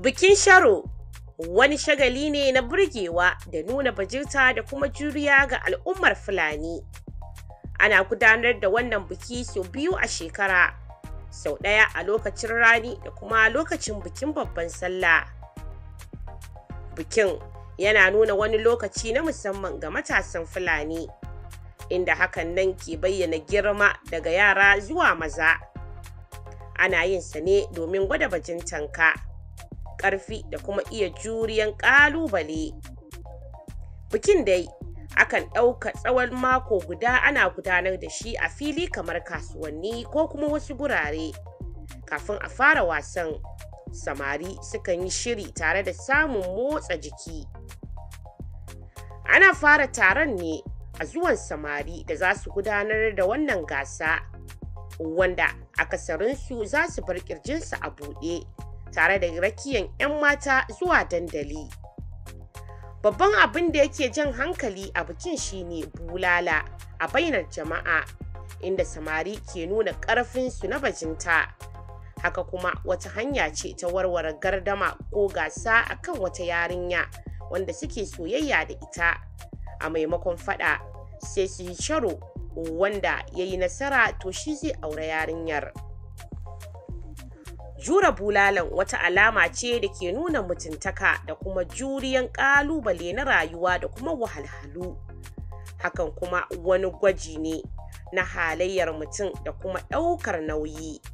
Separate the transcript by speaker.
Speaker 1: Bikin Sharo wani shagali ne na burgewa da nuna bajinta da kuma juriya ga al'ummar Fulani. Ana gudanar da wannan biki sau biyu a shekara sau ɗaya a lokacin rani da kuma lokacin bikin babban sallah. Bikin yana nuna wani lokaci na musamman ga matasan Fulani, inda hakan nan ke bayyana girma daga yara zuwa maza. Ana yin sa ne domin gwada bajin tanka ƙarfi da kuma iya juriyan ƙalubale. Bikin dai akan ɗauka tsawon mako guda ana gudanar da shi a fili kamar kasuwanni ko kuma wasu gurare kafin a fara wasan samari sukan yi shiri tare da samun motsa jiki ana fara taron ne a zuwan samari da za su gudanar da wannan gasa wanda akasarinsu za su bar kirjinsu a buɗe tare da rakiyan 'yan mata zuwa dandali Babban abin da yake jan hankali a bikin shine bulala a bainar jama'a inda samari ke nuna ƙarfinsu na bajinta. Haka kuma wata hanya ce ta warware gardama ko gasa a kan wata yarinya wanda suke soyayya da ita. A maimakon fada sai su yi sharo wanda ya yi nasara to shi zai aure yarinyar. Jura bulalan wata alama ce da ke nuna mutuntaka da kuma juriyan ƙalubale na rayuwa da kuma wahalhalu. Hakan kuma wani gwaji ne na halayyar mutum da kuma ɗaukar nauyi.